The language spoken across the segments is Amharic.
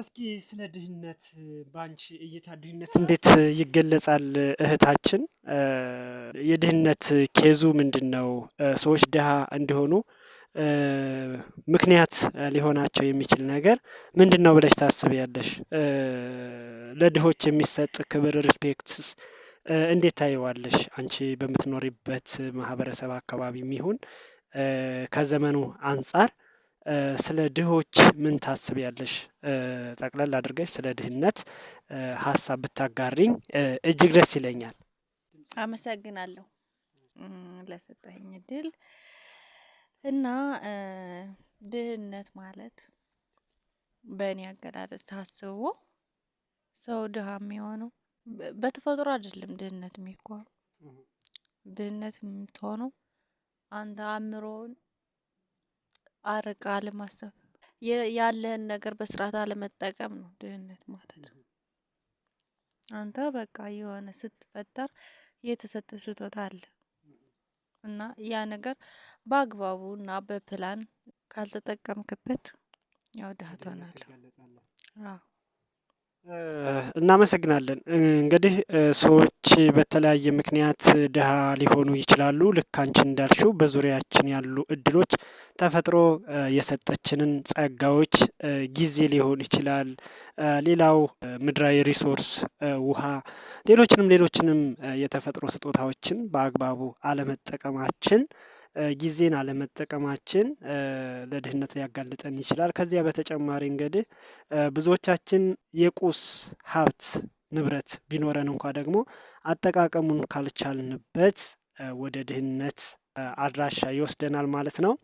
እስኪ ስለ ድህነት በአንቺ እይታ ድህነት እንዴት ይገለጻል እህታችን? የድህነት ኬዙ ምንድን ነው? ሰዎች ድሀ እንዲሆኑ ምክንያት ሊሆናቸው የሚችል ነገር ምንድን ነው ብለሽ ታስቢያለሽ? ለድሆች የሚሰጥ ክብር ሪስፔክትስ እንዴት ታየዋለሽ? አንቺ በምትኖሪበት ማህበረሰብ አካባቢ የሚሆን ከዘመኑ አንጻር ስለ ድሆች ምን ታስቢያለሽ? ጠቅለል አድርገሽ ስለ ድህነት ሀሳብ ብታጋሪኝ እጅግ ደስ ይለኛል። አመሰግናለሁ ለሰጠኝ እድል እና ድህነት ማለት በእኔ አገላለጽ ሳስቦ ሰው ድሃ የሚሆነው በተፈጥሮ አይደለም። ድህነት የሚኮነው ድህነት የምትሆነው አንተ አእምሮውን አርቃ አለማሰብ ያለህን ነገር በስርዓት አለመጠቀም ነው ድህነት ማለት አንተ በቃ የሆነ ስትፈጠር የተሰጠ ስጦታ አለ እና ያ ነገር በአግባቡ እና በፕላን ካልተጠቀምክበት ያው ድሀ ትሆናለህ። እናመሰግናለን። እንግዲህ ሰዎች በተለያየ ምክንያት ድሃ ሊሆኑ ይችላሉ። ልክ አንቺ እንዳልሽው በዙሪያችን ያሉ እድሎች ተፈጥሮ የሰጠችንን ጸጋዎች ጊዜ ሊሆን ይችላል። ሌላው ምድራዊ ሪሶርስ ውሃ፣ ሌሎችንም ሌሎችንም የተፈጥሮ ስጦታዎችን በአግባቡ አለመጠቀማችን ጊዜን አለመጠቀማችን ለድህነት ሊያጋልጠን ይችላል። ከዚያ በተጨማሪ እንግዲህ ብዙዎቻችን የቁስ ሀብት ንብረት ቢኖረን እንኳ ደግሞ አጠቃቀሙን ካልቻልንበት ወደ ድህነት አድራሻ ይወስደናል ማለት ነው።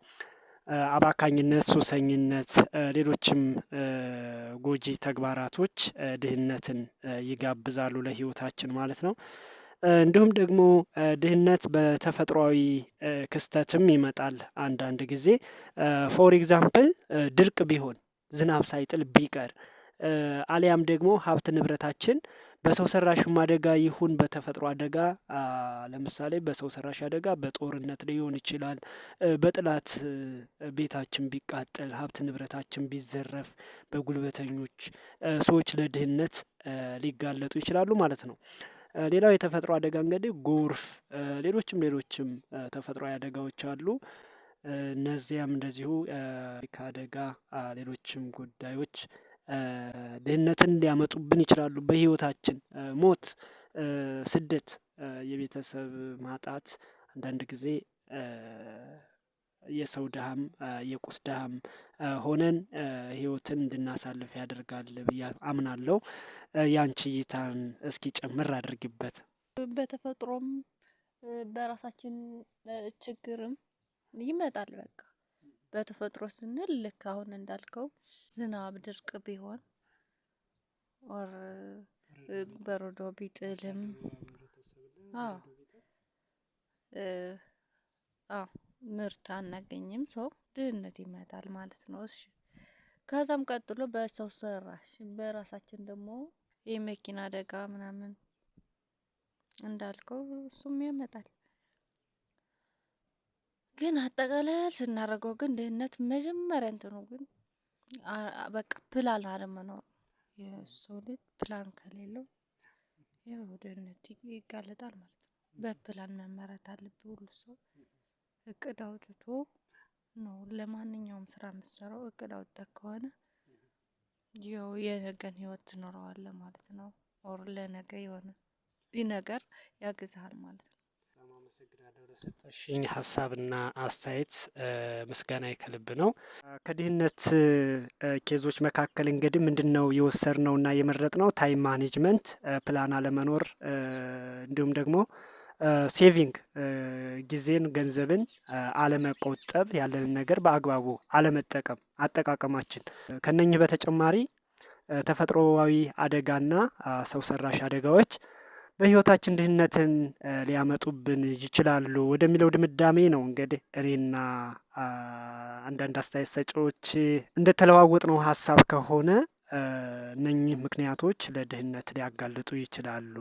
አባካኝነት፣ ሱሰኝነት፣ ሌሎችም ጎጂ ተግባራቶች ድህነትን ይጋብዛሉ ለህይወታችን ማለት ነው። እንዲሁም ደግሞ ድህነት በተፈጥሯዊ ክስተትም ይመጣል። አንዳንድ ጊዜ ፎር ኤግዛምፕል ድርቅ ቢሆን ዝናብ ሳይጥል ቢቀር አሊያም ደግሞ ሀብት ንብረታችን በሰው ሰራሽም አደጋ ይሁን በተፈጥሮ አደጋ ለምሳሌ በሰው ሰራሽ አደጋ በጦርነት ሊሆን ይችላል። በጥላት ቤታችን ቢቃጠል ሀብት ንብረታችን ቢዘረፍ በጉልበተኞች ሰዎች ለድህነት ሊጋለጡ ይችላሉ ማለት ነው። ሌላው የተፈጥሮ አደጋ እንግዲህ ጎርፍ ሌሎችም ሌሎችም ተፈጥሮ አደጋዎች አሉ። እነዚያም እንደዚሁ ከአደጋ ሌሎችም ጉዳዮች ድህነትን ሊያመጡብን ይችላሉ። በህይወታችን ሞት ስደት የቤተሰብ ማጣት አንዳንድ ጊዜ የሰው ድሃም የቁስ ድሃም ሆነን ህይወትን እንድናሳልፍ ያደርጋል ብዬ አምናለሁ። ያንቺ እይታን እስኪ ጨምር አድርጊበት። በተፈጥሮም በራሳችን ችግርም ይመጣል። በቃ በተፈጥሮ ስንል ልክ አሁን እንዳልከው ዝናብ፣ ድርቅ ቢሆን ኦር በረዶ ቢጥልም አዎ አዎ ምርት አናገኝም። ሰው ድህነት ይመጣል ማለት ነው። እሺ ከዛም ቀጥሎ በሰው ሰራሽ በራሳችን ደግሞ የመኪና አደጋ ምናምን እንዳልከው እሱም ያመጣል። ግን አጠቃላይ ስናደርገው ግን ድህነት መጀመሪያ እንትኑ ግን በቃ ፕላን አለመኖር የሰው ልጅ ፕላን ከሌለው ያው ድህነት ይጋለጣል ማለት ነው። በፕላን መመረት አለብህ ሁሉ ሰው እቅድ አውጥቶ ነው ለማንኛውም ስራ የምትሰራው። እቅድ አውጥታ ከሆነ ያው የነገን ህይወት ትኖረዋለ ማለት ነው። ኦር ለነገ የሆነ ይህ ነገር ያግዝሃል ማለት ነው። በጣም አመሰግናለሁ ለሰጠሽኝ ሀሳብና አስተያየት ምስጋና ከልብ ነው። ከድህነት ኬዞች መካከል እንግዲህ ምንድን ነው የመረጥ የመረጥነው ታይም ማኔጅመንት፣ ፕላን አለመኖር እንዲሁም ደግሞ ሴቪንግ ጊዜን፣ ገንዘብን አለመቆጠብ፣ ያለንን ነገር በአግባቡ አለመጠቀም አጠቃቀማችን። ከነኚህ በተጨማሪ ተፈጥሮዊ አደጋና ሰው ሰራሽ አደጋዎች በህይወታችን ድህነትን ሊያመጡብን ይችላሉ ወደሚለው ድምዳሜ ነው እንግዲህ እኔና አንዳንድ አስተያየት ሰጪዎች እንደተለዋወጥ ነው ሀሳብ ከሆነ እነኚህ ምክንያቶች ለድህነት ሊያጋልጡ ይችላሉ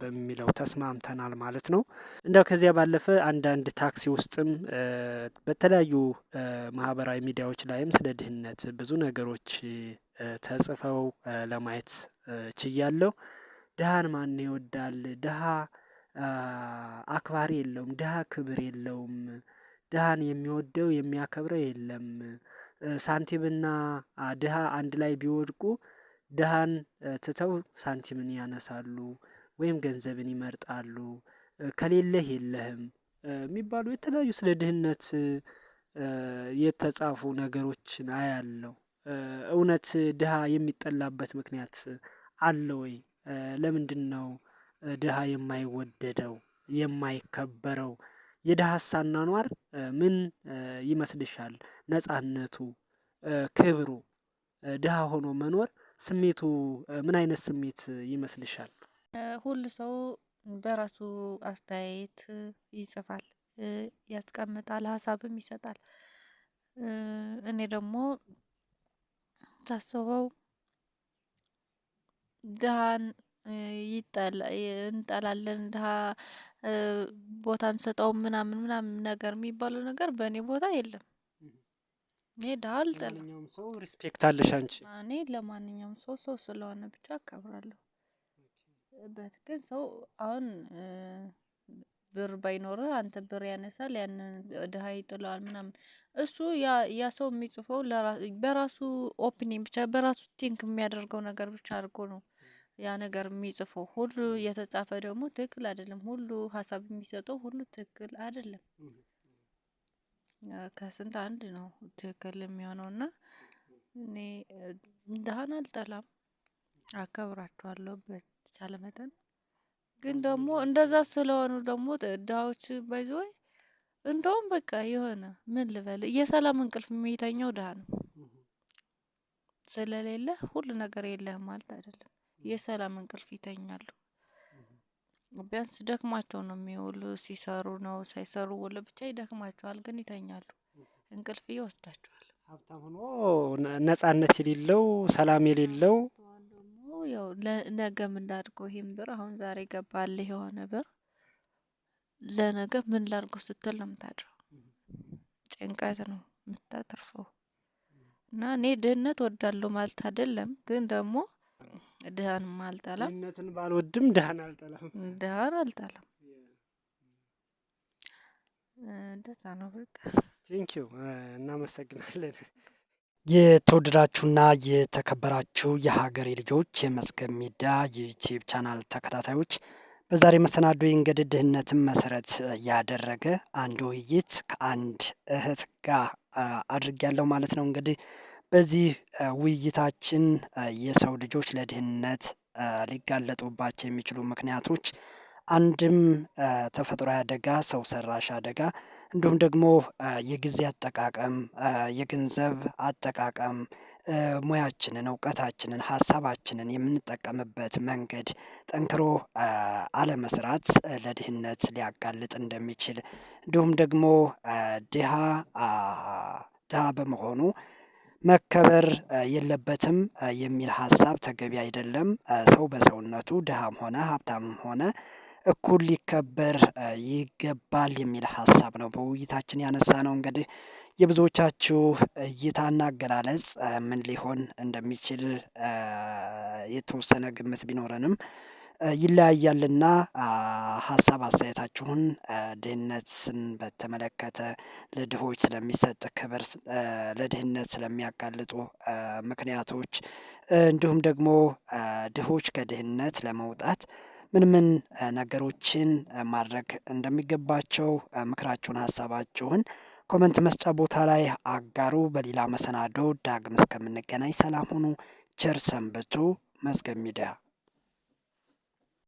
በሚለው ተስማምተናል ማለት ነው። እንደው ከዚያ ባለፈ አንዳንድ ታክሲ ውስጥም በተለያዩ ማህበራዊ ሚዲያዎች ላይም ስለ ድህነት ብዙ ነገሮች ተጽፈው ለማየት ችያለሁ። ድሃን ማን ይወዳል? ድሃ አክባሪ የለውም። ድሃ ክብር የለውም። ድሃን የሚወደው የሚያከብረው የለም ሳንቲምና ድሃ አንድ ላይ ቢወድቁ ድሃን ትተው ሳንቲምን ያነሳሉ ወይም ገንዘብን ይመርጣሉ። ከሌለህ የለህም የሚባሉ የተለያዩ ስለ ድህነት የተጻፉ ነገሮችን አያለው እውነት ድሃ የሚጠላበት ምክንያት አለ ወይ? ለምንድነው ድሃ የማይወደደው የማይከበረው የደሃሳ አኗኗር ምን ይመስልሻል? ነጻነቱ፣ ክብሩ፣ ድሃ ሆኖ መኖር ስሜቱ ምን አይነት ስሜት ይመስልሻል? ሁሉ ሰው በራሱ አስተያየት ይጽፋል፣ ያስቀምጣል፣ ሀሳብም ይሰጣል። እኔ ደግሞ ታስበው ድሃን እንጠላለን ድሃ ቦታ አንሰጠውም ምናምን ምናምን ነገር የሚባለው ነገር በእኔ ቦታ የለም። እኔ ድሀ አልጠላም። ሰው ሪስፔክት አለሽ አንቺ። እኔ ለማንኛውም ሰው ሰው ስለሆነ ብቻ አከብራለሁ። ግን ሰው አሁን ብር ባይኖርህ አንተ ብር ያነሳል ያንን ድሀ ይጥለዋል ምናምን እሱ ያ ሰው የሚጽፈው በራሱ ኦፒኒየን ብቻ በራሱ ቲንክ የሚያደርገው ነገር ብቻ አድርጎ ነው ያ ነገር የሚጽፈው ሁሉ የተጻፈ ደግሞ ትክክል አይደለም። ሁሉ ሀሳብ የሚሰጠው ሁሉ ትክክል አይደለም። ከስንት አንድ ነው ትክክል የሚሆነው እና እኔ ድሃን አልጠላም፣ አከብራቸዋለሁ በተቻለ መጠን። ግን ደግሞ እንደዛ ስለሆኑ ደግሞ ድሃዎች ወይ እንደውም በቃ የሆነ ምን ልበል የሰላም እንቅልፍ የሚተኛው ድሃ ነው። ስለሌለ ሁሉ ነገር የለህም ማለት አይደለም። የሰላም እንቅልፍ ይተኛሉ። ቢያንስ ደክማቸው ነው የሚውሉ። ሲሰሩ ነው ሳይሰሩ ውሎ ብቻ ይደክማቸዋል፣ ግን ይተኛሉ። እንቅልፍ ይወስዳቸዋል። ሀብታም ሆኖ ነጻነት የሌለው ሰላም የሌለው ያው ነገ ምን ላድርግ፣ ይህም ብር አሁን ዛሬ ገባል የሆነ ብር ለነገ ምን ላድርግ ስትል ነው የምታድረው። ጭንቀት ነው የምታተርፈው። እና እኔ ድህነት ወዳለሁ ማለት አይደለም፣ ግን ደግሞ ድሃንም አልጠላም። ድህነትን ባልወድም ድሃን አልጠላም። ድሃን አልጠላም። እንደዛ ነው በቃ። እናመሰግናለን። የተወደዳችሁና የተከበራችሁ የሀገሬ ልጆች የመስገብ ሚዲያ የዩቲዩብ ቻናል ተከታታዮች በዛሬ መሰናዶ እንግዲህ ድህነትን መሰረት ያደረገ አንድ ውይይት ከአንድ እህት ጋር አድርጌያለሁ ማለት ነው እንግዲህ በዚህ ውይይታችን የሰው ልጆች ለድህነት ሊጋለጡባቸው የሚችሉ ምክንያቶች አንድም ተፈጥሯዊ አደጋ ሰው ሰራሽ አደጋ እንዲሁም ደግሞ የጊዜ አጠቃቀም የገንዘብ አጠቃቀም ሙያችንን እውቀታችንን ሀሳባችንን የምንጠቀምበት መንገድ ጠንክሮ አለመስራት ለድህነት ሊያጋልጥ እንደሚችል እንዲሁም ደግሞ ድሃ ድሃ በመሆኑ መከበር የለበትም የሚል ሀሳብ ተገቢ አይደለም። ሰው በሰውነቱ ድሃም ሆነ ሀብታምም ሆነ እኩል ሊከበር ይገባል የሚል ሀሳብ ነው በውይይታችን ያነሳ ነው እንግዲህ የብዙዎቻችሁ እይታና አገላለጽ ምን ሊሆን እንደሚችል የተወሰነ ግምት ቢኖረንም ይለያያልና ሀሳብ አስተያየታችሁን ድህነትን በተመለከተ ለድሆች ስለሚሰጥ ክብር ለድህነት ስለሚያጋልጡ ምክንያቶች እንዲሁም ደግሞ ድሆች ከድህነት ለመውጣት ምን ምን ነገሮችን ማድረግ እንደሚገባቸው ምክራችሁን ሀሳባችሁን ኮመንት መስጫ ቦታ ላይ አጋሩ። በሌላ መሰናዶ ዳግም እስከምንገናኝ ሰላም ሁኑ። ቸር ሰንብቱ። መዝገብ ሚዲያ